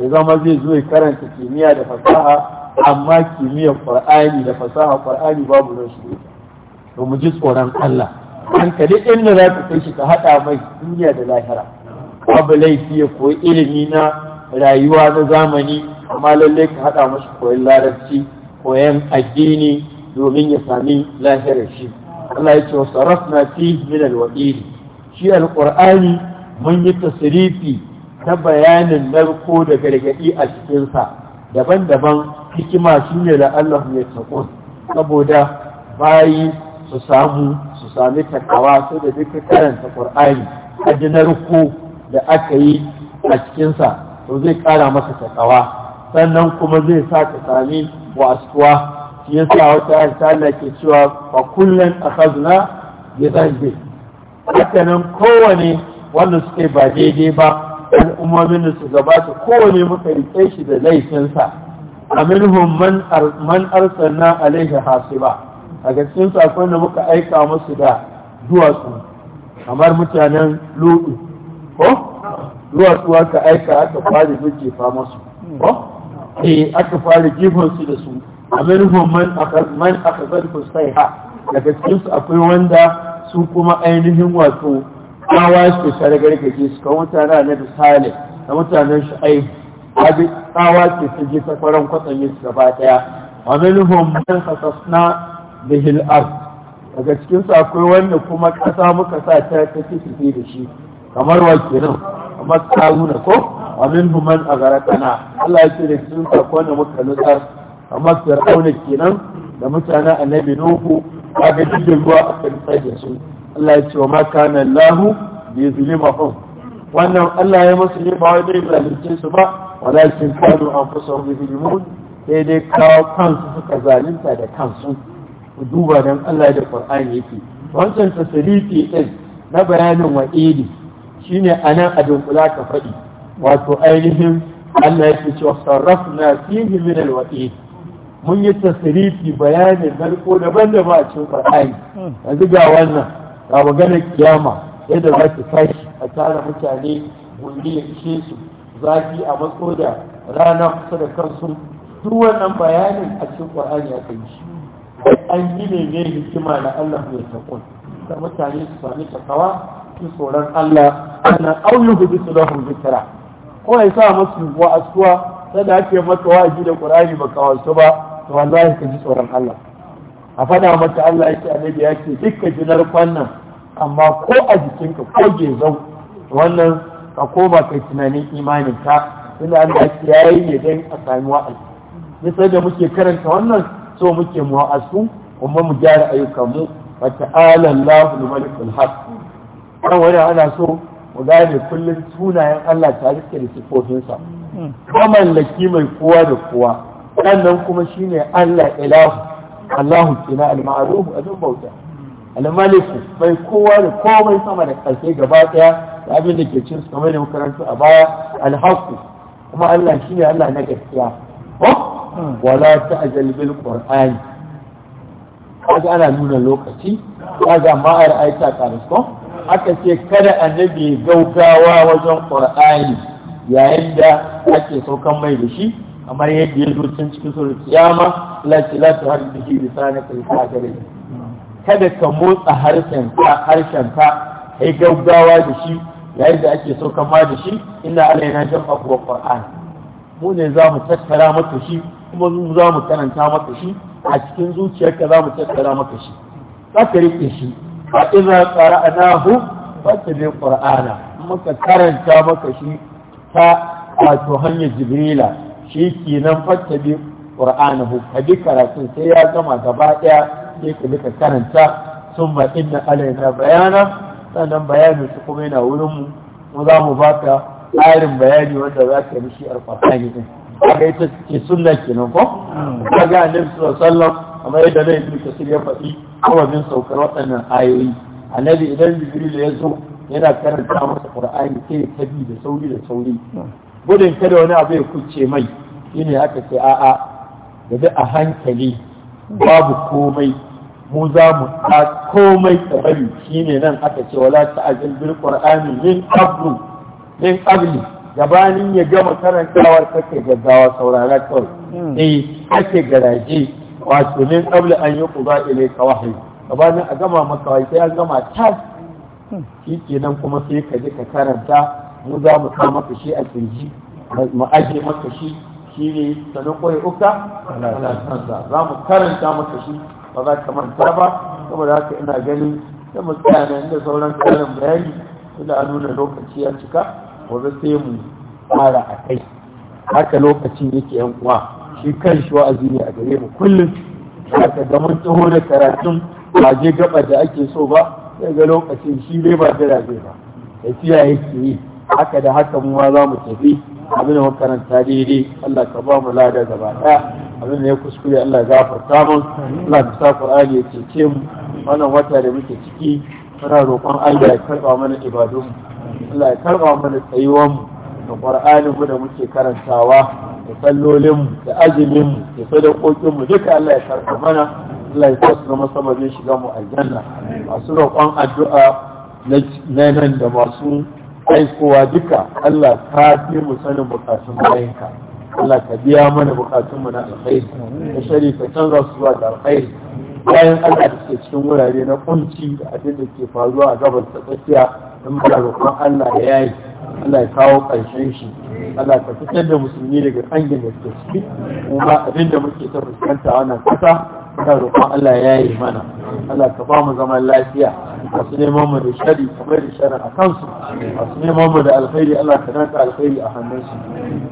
ya zama zai zo ya karanta kimiyya da fasaha amma kimiyyar qur'ani da fasaha qur'ani babu shi to mu ji tsoron Allah hankali inda za ka kai shi ka haɗa mai duniya da lahira abu laifi ya koyi ilimi na rayuwa na zamani amma lallai ka haɗa mashi koyon larabci koyon addini domin ya sami lahirar shi Allah ya ce wa na fi min alwa'idi shi Alƙur'ani mun yi tasirifi ta bayanin narko da gargaɗi a cikinsa daban-daban hikima ne da Allah ya tsako saboda bayi su samu su sami takawa su da duka karanta ƙur'ani a da aka yi a cikinsa to zai ƙara masa takawa sannan kuma zai sa ka sami wasuwa shi yasa wata ayata ke cewa ba kullum a kazuna ya dhanbi haka nan kowane wanda suke ba daidai ba al'ummomin da su gabata kowane muka rike shi da laifinsa aminhum man a arsalna alaihi ba. a gaskin sakon da muka aika musu da duwatsu kamar mutanen lu'u ko su aka aika aka fara jujjefa masu eh aka fara jifansu da su a manufan man man akhadhatu ha daga cikin su akwai wanda su kuma ainihin wato kawai su tare gargaje su kan mutane na da sale da mutanen shu'aib abi tsawa ce su ji sakwaran kwatsanye su gaba daya a manufan man khasasna da hil'ar daga cikin su akwai wanda kuma kasa muka sa ta ta kifi da shi kamar wa kenan kamar karuna ko wa a man kana Allah ya ce da cikin sakon da muka nutsar kamar fir'auna kenan da mutanen annabi nuhu ga jirgin ruwa a kan da su Allah ya ce wa ma kana Allah bi zulmihum wannan Allah ya musu ne ba wai dai zalunce su ba walakin kanu anfusahum yuzlimun sai dai kawo kansu suka zalunta da kansu duba dan Allah da Qur'ani yake wancan ke din na bayanin wa'idi shine anan a dunkula ka faɗi wato ainihin Allah ya ce wa sarrafna fihi min alwa'id mun yi tasirifi bayanin narko daban-daban a cikin Qur'ani yanzu ga wannan ga magana kiyama yadda za ta tashi a tara mutane gundi ya ishe su zafi a matso da rana kusa da kansu duk wannan bayanin a cikin Qur'ani ya kai shi an yi ne ne hikima na Allah ya taƙon da mutane su sami takawa cikin tsoron Allah ana auyu hudu su da hudu kira ko ya sa masu wa'asuwa ta da ake maka wa'azi da ƙur'ani ba ka wasu ba to wallahi ka ji tsoron Allah a faɗa mata Allah yake annabi yake dukka jinar kwannan amma ko a jikinka ko gezau wannan ka koma ka tunanin imanin ka tunda Allah yake yayi ne dan a sami wa'azi sai da muke karanta wannan so muke mu wa'azu kuma mu gyara ayyukan mu wa Allahu al-malikul saboda ana so mu gane kullum sunayen Allah ta rike da sifofinsa kuma mallaki mai kowa da kowa sannan kuma shine Allah ilahu Allahu kina al-ma'ruf adun bauta al-maliku mai kowa da komai sama da ƙarshe gaba daya da abin da ke cin su kamar da makarantu a baya al-haqu kuma Allah shine Allah na gaskiya wala ta'jal bil qur'ani kaga ana nuna lokaci kaga ma'ar aita karisko aka ce kada annabi gaugawa wajen ƙur'ani yayin da ake saukan mai da shi kamar yadda ya zo can cikin surar kiyama lati lati har bihi kai al-kafirin kada ka motsa harshen ka harshen ka kai gaugawa da shi yayin da ake saukan ma da shi ina alaina abu wa qur'an mu ne za mu tattara maka shi kuma mu za mu karanta maka shi a cikin zuciyarka za mu tattara maka shi za ka rike shi A ina tsara qara'nahu fattabi qur'ana muka karanta maka shi ta wato hanyar jibrila shi kenan fattabi qur'anahu ka karatun sai ya gama gabaɗaya daya sai ka bi ka karanta sun ba inna alaina bayana sannan bayanin kuma yana wurin mu mu za mu baka tsarin bayani wanda za ka yi shi alfasani din kaga sunna kenan ko kaga annabi sallallahu alaihi kamar yadda na fi kasir ya faɗi kawazin saukar waɗannan ayoyi annabi idan jibril ya zo yana karanta masa qur'ani sai ta da sauri da sauri gudun kada wani abu ya kuce mai shine aka ce a'a da bi a hankali babu komai mu za mu ta komai ta bari shine nan aka ce wala ta'ajil bil qur'ani min qablu min qabli gabanin ya gama karantawar kake gaggawa saurara kawai hmm. eh kake garaje kwashi min qabla an yuqda ilayka wahyi gabanin a gama maka wahyi sai an gama ke nan kuma sai ka je ka karanta mu za mu sa maka shi a kirji mu aje maka shi shi ne sanin kwaye uka za mu karanta maka shi ba za ka manta ba saboda haka ina ganin da mu tsaya na inda sauran karin bayani tunda an nuna lokaci ya cika zai sai mu fara a kai haka lokacin yake yan uwa shi kan shi wa'azi ne a gare mu kullum haka ga mun taho da karatun ba je gaba da ake so ba sai ga lokacin shi bai ba da zai ba tafiya yake yi haka da haka mu ma za mu tafi abin da makaranta daidai Allah ka ba mu lada gaba ɗaya abin da ya kuskure Allah gafarta mun Allah ka sa Qur'ani ya cece mu wannan wata da muke ciki muna roƙon Allah ya karɓa mana ibadun mu Allah ya karɓa mana tsayuwan mu da Qur'anin mu da muke karantawa da fallolinmu da ajilinmu da sadakokinmu duka Allah ya karfa mana Allah ya tasu masa zai shiga mu aljanna masu roƙon addu'a na nan da masu aikowa duka Allah ta fi mu sanin bukatun bayanka Allah ka biya mana bukatunmu na alkhairi da shari ka canza su zuwa da alkhairi bayan Allah da ke cikin wurare na kunci da abin da ke faruwa a gabas ta tsakiya don da roƙon Allah ya yayi Allah ya kawo ƙarshen shi Allah ka fitar da musulmi daga tsangin da suke ciki kuma abin da muke ta fuskanta wannan kasa muna roƙon Allah ya yi mana Allah ka ba mu zaman lafiya masu neman mu da shari kamar da shari a kansu masu neman mu da alkhairi Allah ka nanta alkhairi a hannunsu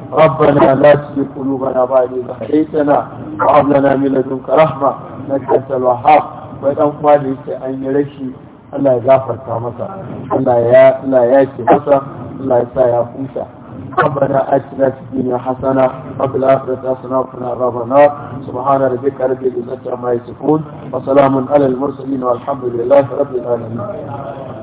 ربنا لا تزغ قلوبنا بعد إذ هديتنا وهب لنا من لدنك Wai dan kuma da وإذا an yi rashi. Allah ya gafarta masa Allah ya ce masa Allah ya sa ya kusa ربنا اتنا في الدنيا حسنه وفي الاخره حسنه وقنا عذاب النار سبحان ربك رب العزه عما يصفون وسلام على المرسلين والحمد لله رب العالمين